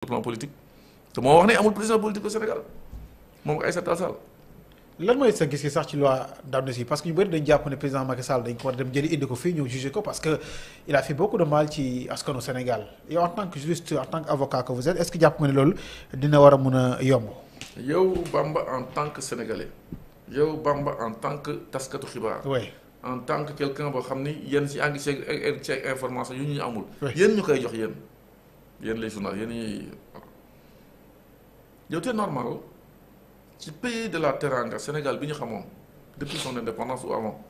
plan politique te moo wax ne amul président politique au Sénégal moom ak Aïssata Tall Sall lan mooy sa gis-gis sax ci loi d'amnistie parce que ñu bëri dañ jàpp ne président Macky Sall dañ ko war a dem jëli indi ko fii ñëw jugé ko parce que il a fait beaucoup ci askanu Sénégal yow en tant que juriste en tant que avocat que vous êtes est-ce que jàpp nga ne loolu dina war a mun a yomb. yow Bamba en tant que sénégalais yow Bamba en tant que taskatu xibaar. oui en tant que quelqu'un boo xam ni yéen ci ànd information yu ñu amul. yéen ñu koy jox yéen. yéen les journalistes yéen ñuy yow te normal ci pays de la Teranga Sénégal bi ñu xamoon depuis son indépendance ou avant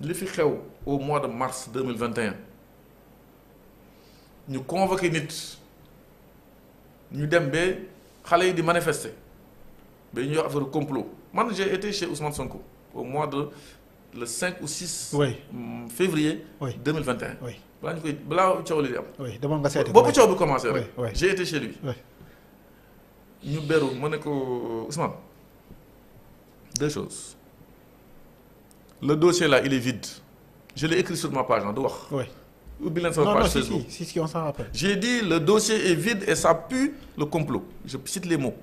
li fi xew au mois de mars deux mille vingt et un ñu convoqué nit ñu dem ba xale yi di manifester ba ñuy wax affaire complot man j'ai été chez Ousmane Sonko au mois de le cinq ou six. oui février. deux mille vingt et un. balaa ñu koy balaa coow li di am. oui demoon nga seeti. boobu coow bi commencé rek. oui j'ai été chez ñu beru ma ne ko Ousmane deux choses le dossier là il est vide ah du wax. oui ubbi leen sama page Facebook non non si si si on s'en rappelle. j'ai le dossier est vide et ça pue le complot je cite les mots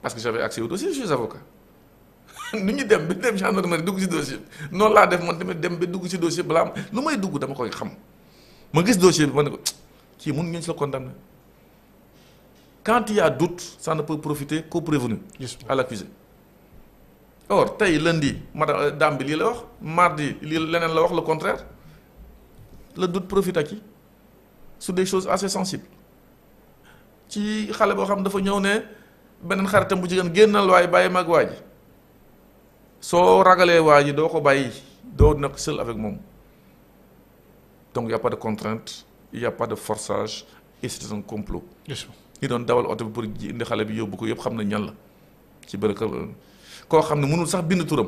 parce que j'avais accès je suis nu ñu dem ba dem gendarmerie dugg ci dossier bi noonu laa def man tamit dem ba dugg si dossier balaa ma lu may dugg dama koy xam ma gis dossier bi ma ne ko kii mun ngeen si la condamné quand il y a doute ça ne peut profiter qu'au prévenu à l'accusé or tey lundi madame euh, dame bi lii la wax mardi lii leneen la wax la contraire le doute profite à qui sur des choses assez sensibles ci xale boo xam dafa ñëw ne beneen xaritam bu jigéen génnal waaye bàyyi mag waa ji soo ragalee waa ji doo ko bàyyi doo nekk seul avec moom donc y' a pas de contrainte y' a pas de forçage et c' complot. ñi doon dawal oto bi pour ji indi xale bi yóbbu ko yëpp xam na ñan la ci bëri kër koo xam ne mënul sax bind turam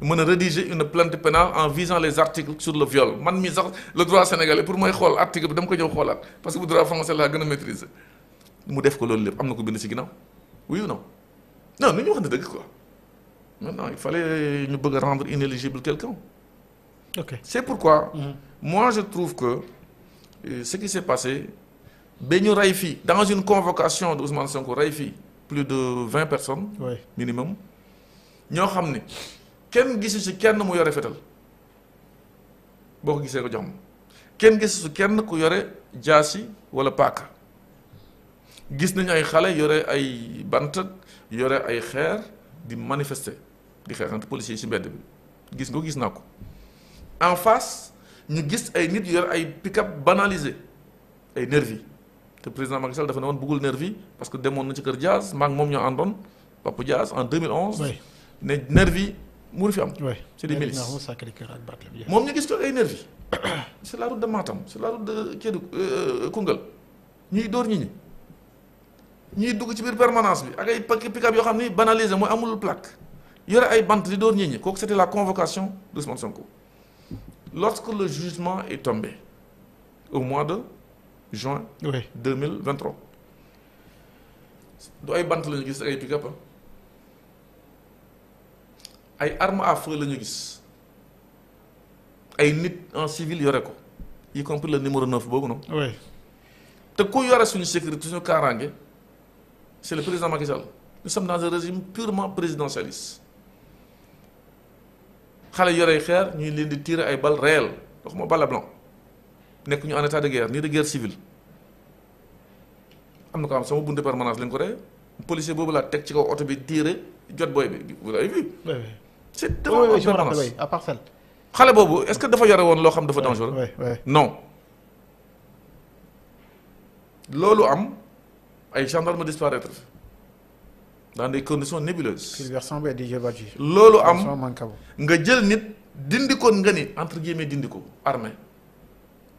mën a rédiger une plainte pénale en visant les articles sur le viol man mi sax le droit sénégalais pour mooy xool article bi dama ko ñëw xoolaat parce que bu droit français laa gën a maîtriser mu def ko loolu lépp am na ko bind si ginnaaw oui ou non ñu wax ne quoi. maintenant il fallait ñu bëgg a rendre inéligible quelqu'un ok c'est pourquoi mmh. moi je trouve que euh, ce qui s'est passé ba ñu rey fii dans une convocation de Ousmane ko rey fii plus de vingt personnes oui. minimum ñoo xam ne kenn gisu si kenn mu yore fetal boo ko gisee ko jox ma kenn gisu si kenn ku yore jaasi wala paaka gis nañu ay xale yore ay bant yore ay xeer di manifeste di xeexante policiers ci mbedd bi gis nga gis naa ko en face ñu gis ay nit yor ay pick-up banalisé ay nervi te président Macky Sall dafa ne woon bëggul nervi parce que demoon na ci kër Diaz maa moom ñoo àndoon Papa Diaz en 2011. oui ne nervi mu fi am. oui c'est des milices moom ñu gis ko ay nervi c'est la route de Matam c'est la route de Kédougou euh, Koungheul ñuy dóor ñi ñi. ñuy dugg ci biir permanence bi ak ay pick-up yoo xam ni banalisé mooy amul plaque yore ay bant di door ñit ñi kooku c'était la convocation d'Ousmane Sonko lorsque le jugement est tombé au mois de juin. oui 2023 du ay bant la ñu gis ak ay pick-up ah. gis ay nit en civil yore ko y compris le numéro 9 boobu noonu. oui te ku yore suñu sécurité suñu kaaraange. c'est le président Macky Sall nous sommes dans un régime purement présidentialiste xale yorey xeer ñuy leen di tirer ay balles réelles waxuma balle blanc nekk ñu en état de guerre nii de guerre civile am na ko am sama buntu permanence lañ ko rey policier boobu laa teg ci kaw oto bi tirer jot booy bi vous l'avez vu. permanence à part xale boobu est-ce que dafa yore woon loo xam dafa dangereux non loolu am. ay gendarmes disparaître dans des conditions nébuleuses. loolu am nga jël nit dindi ko nga ni entre guillemets dindi ko armée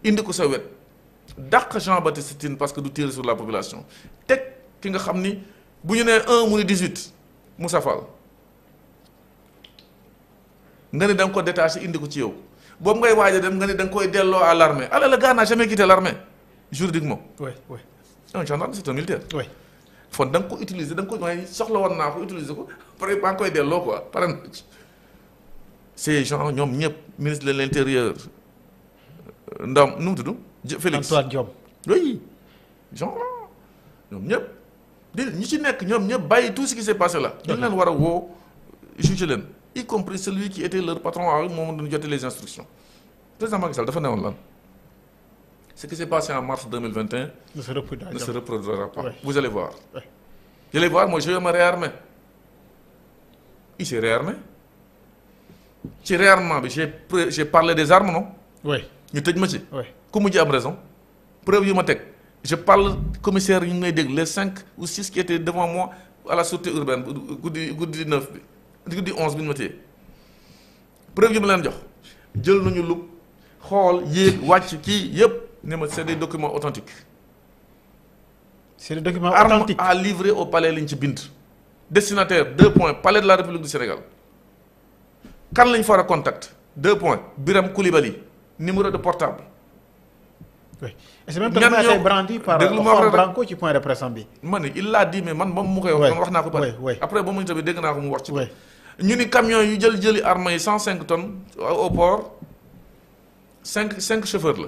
indi ko sa wet dàq Jean Baptiste Tine parce que du tirer sur la population teg ki nga xam ni bu ñu nee un mu ni dix-huit Moussa Fall nga ni da nga ko détaché indi ko ci yow boobu ngay waaj a dem nga ni da koy delloo à l'armée alors le gars n'a jamais quitté l'armée un gendarme c'est un militaire. oui fon da ko utiliser da ko mooy soxla woon naa ko utiliser ko pare ba nga koy delloo quoi pare na ci. ñoom ñëpp ministre de l'intérieur nu tudd. Félix Antoine Diome. genre ñoom ñëpp di ñi ci nekk ñoom ñëpp bàyyi tout ce qui s'est passé là. dañ leen war a woo juge leen. y compris celui qui était leur patron à moom dañu jotee les instructions président Macky Sall dafa newoon lan. ce qui s'est passé en mars 2021 ne se reproduira, ne se reproduira pas. Ouais. Vous voir. Ouais. Vous voir, moi je vais me réarmer. Il réarmé. ci réarmement bi j'ai j'ai parlé des armes non. ñu tëj ma ci. oui ku mujj am raison. preuve yu ma teg je parle commissaire ñu ngi lay dégg les cinq ou six qui étaient devant moi à la sûreté urbaine guddi guddi neuf bi guddi onze bi ñu ma téye preuve yu ma leen jox jël nañu lu xool yéeg wàcc kii yëpp. ne ma c'est des documents authentiques. c'est des documents authentiques armes à livrer au palais lañ ci bind. destinataire deux points palais de la république kan lañ far a contact deux Biram Koulibaly numéro de portable. oui est de presse bi. ma ne il l'a dit mais man mu koy wax. wax naa ko pare après ba mu ñu tamit dégg naa ko mu wax ci. ñu ni camion yu jël jëli armes yi cent cinq tonnes au port cinq cinq chauffeurs la.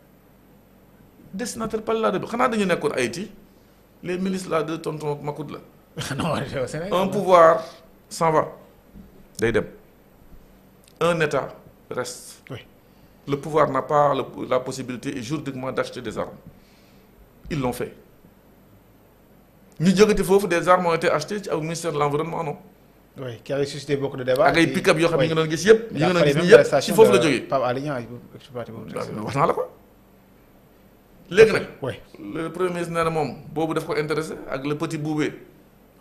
destinataire pallidaire bi xanaa dañu nekkoon Haïti les ministres là de tonton Macoute la. un pouvoir s'en day dem un état reste. Oui. le pouvoir n'a pas la possibilité juridiquement d'acheter de armes ils l'ont fait ñu jógati foofu des armes ont été achetées ci aw ministère de l'environnement non. oui qui de débats. ak pick-up yoo xam ne ñu ngi doon gis yëpp. ñu ngi doon gis nii ci foofu la euh, jógee. léegi nag. le premier ministre nee moom boobu daf ko intéressé ak le petit boubé.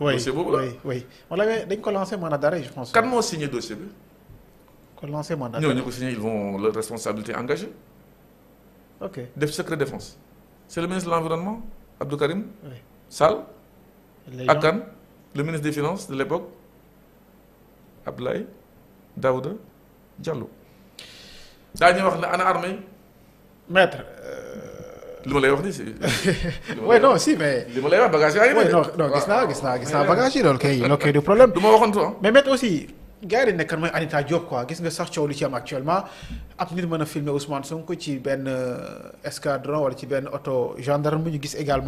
dossier boobu la oui oui dañ ko lancé mandat d'arrêt je pense. kan moo signé dossier bi. ko lancé mandat d'arrêt ñooñu ko signé ils vont leur responsabilité engagée. def secret défense. c'est le ministre de l'environnement Abdou Karim. oui Sall. ak kan ministre des finances de l'époque Abdoulaye Daouda Diallo. daañu wax ne ana armée maître. Euh, li ma lay wax nii si. li non si mais. li ma lay wax bagage yi non non gis naa gis naa gis naa bagage yi loolu kay du problème. du ma waxoon mais mais aussi. gars yi nekkan mooy Anita Diop quoi gis nga sax coow li ci am actuellement ab nit mën a filmer Ousmane ko ci benn escadron wala ci benn oto gendarme ñu gis également.